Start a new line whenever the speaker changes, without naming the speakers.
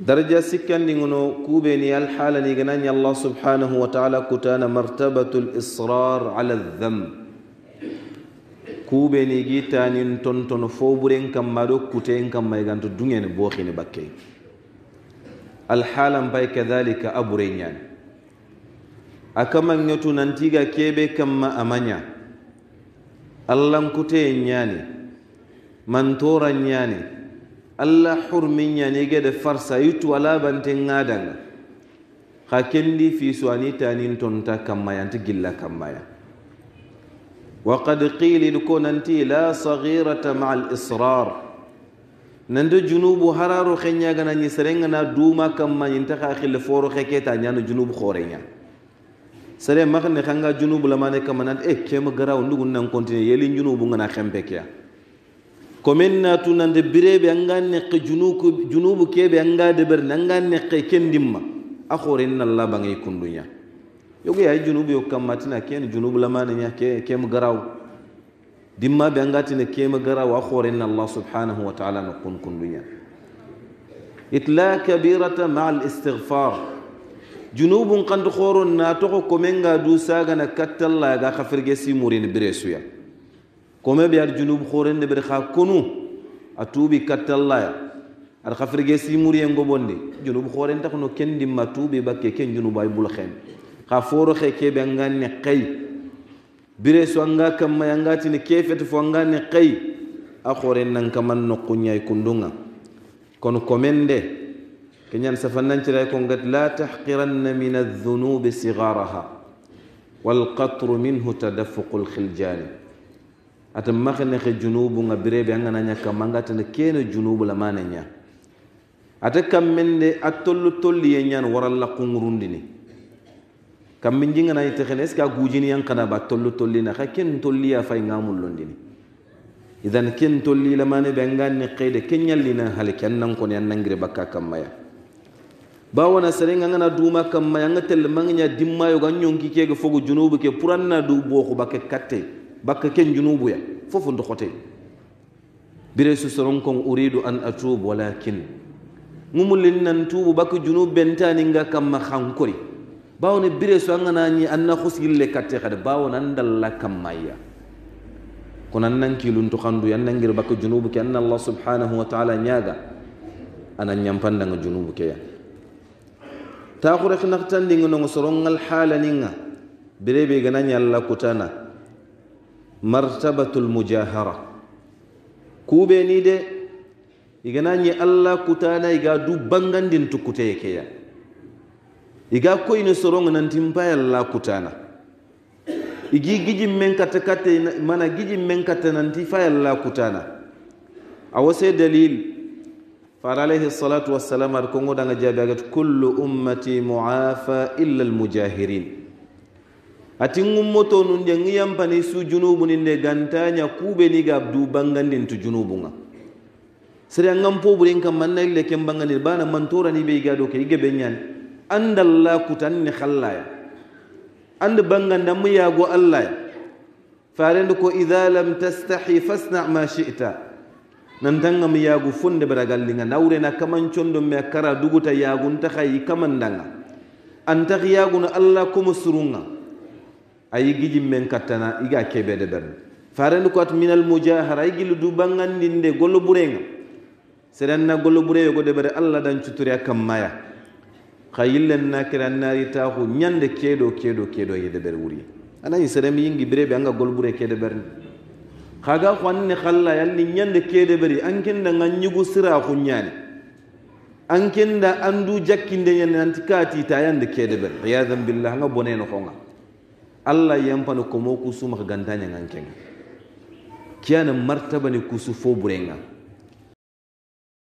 daraja sikkandiŋono ni gana ganañi allah subhanahu wa taala kutana martabatu lisrar ala aldamb kuɓeni gi tanin tontono foɓuren kamma ɗo kuten kamma ganto duŋene booxini bakke alhalan bay kadalika a bure ñani a kamanŋetu nantiga keɓe kamma amaña allankuteye ñani mantora ñani alla hurmin yanigede farsa yitu ala bante ŋadanga ha kendi fiisu ani tanin tonta kammaya anti gilla kammaya waqad qilid ko nanti la sagirata maa alisrar nande junubu hararo xeñagana ñi serengana duma kamma ñinta xa xille foro xe keta ñano junubu xooreña sere maxne xanga junubu lamane kamma nanti e kema garaw ndugun nan continue yeli junubu ngana xempe keya كمن ناتون عند بريب أنغا نق جنوب جنوب كيب أنغا دبر نانغا نق كين دم الله بعي يكون دنيا يوكي أي جنوب يوكم ما كين جنوب لما نيا كي كيم غراو دم ما بأنغا تنا كيم غراو أخور الله سبحانه وتعالى نكون كون دنيا إتلا كبيرة مع الاستغفار جنوب قد خور ناتو كمن غادو ساغنا كتل لا غا مورين بريسويا كما بيار جنوب خورن برخا كونو اتوبي كات الله ار خفرغي سي موري غوبوندي جنوب خورن تخنو كين دي ماتوبي باكي كين جنوب باي بول خين خا فورو خي كي بنغان ني خي بيري سوانغا كم ما ياناتي ني كيفيت فوانغا ني خي اخورن نان كما نوكو نياي كوندونغا كون كوميندي كنيان سفنان تراي كونغات لا تحقرن من الذنوب صغارها والقطر منه تدفق الخلجان ata makhenekhe junubu nga birebe a ngana ñakka manga tane kene junubu la mane ña ata kammende a tollu tolliye ñani waralla kunŋurundini kammi jinganai tekhene est ce que a gujini yankana ba tollu tollina xa ken tolliya fay nga mulondini idan ken tolli lamane be anga ni xeyde ke ñallina hali ke an nankoni a nangiri bakka kammaya bawana sere nga ngana duma kammaya a nga tell mangaña dimmayoga a ñonki kege fogo junubu ke pour anna du booxu bakke katte bakka ken fufu fofo dokote bire susoron kon uridu an atubu walakin ŋumulin nan tubu bakka junub bentaninga kamma hankori bawone bire so an ganañi an na husgille katte kadi bawon an dalla kammaya kono an nan kiluntu kanduy an nangir bakka junubu ke an allah subhanahu wa taala ñaga anan nga junubu keya taxure xinaxtandinga nongo sorongal xalaninga bire be gana allah kutana martabatul mujahara kube ni de igana ni allah kutana iga du bangandin tukkuteye ya iga koyni soronga nantimpaya allah kutana igi giji men kata mana giji men kata nanti fa allah kutana awo se dalil fara alaihi salatu wassalam ar kongo danga jabe agat kullu ummati muafa illa mujahirin ati ŋummoto nun de yampani su junubu nin de gantanya kube ni ga du bangandin tu junubu ŋa sere ngam po burin kam man nayle kem bangandin bana man tora ni be ga do ke gebe nyan andalla kutan ni khallaya and banganda mu ya allah ya faren ko idha lam tastahi fasna ma shi'ta nan tanga mu yago go funde baragallinga nawre na kaman chondo me kara duguta ya gun ta khayi kamandanga an tahiyagun allah kuma surunga ayi gijim men kattana iga keɓede ɓerde farendi koat minal moujahara ay gillu du ɓangandinde gollo ɓurenga seɗanna gollo ɓureyogo ɗeɓere allah dan cutori a kam maya ha yillen nakira naari taku ñande keeɗo keeɗo keeɗo yede ɓere wuri anayi seremi yingi ɓireɓe anga gollo ɓure keede ɓerde haga ko anne halla yalni ñande keede ɓeri ankenda ganñigu sira huñani ankenda andu jakkindeñane anti kaatita yande keede ɓere riadan billah anga boneno honga Allah alla yampani komo kusu maka gantanya ngan kenga martaba ni kusu fo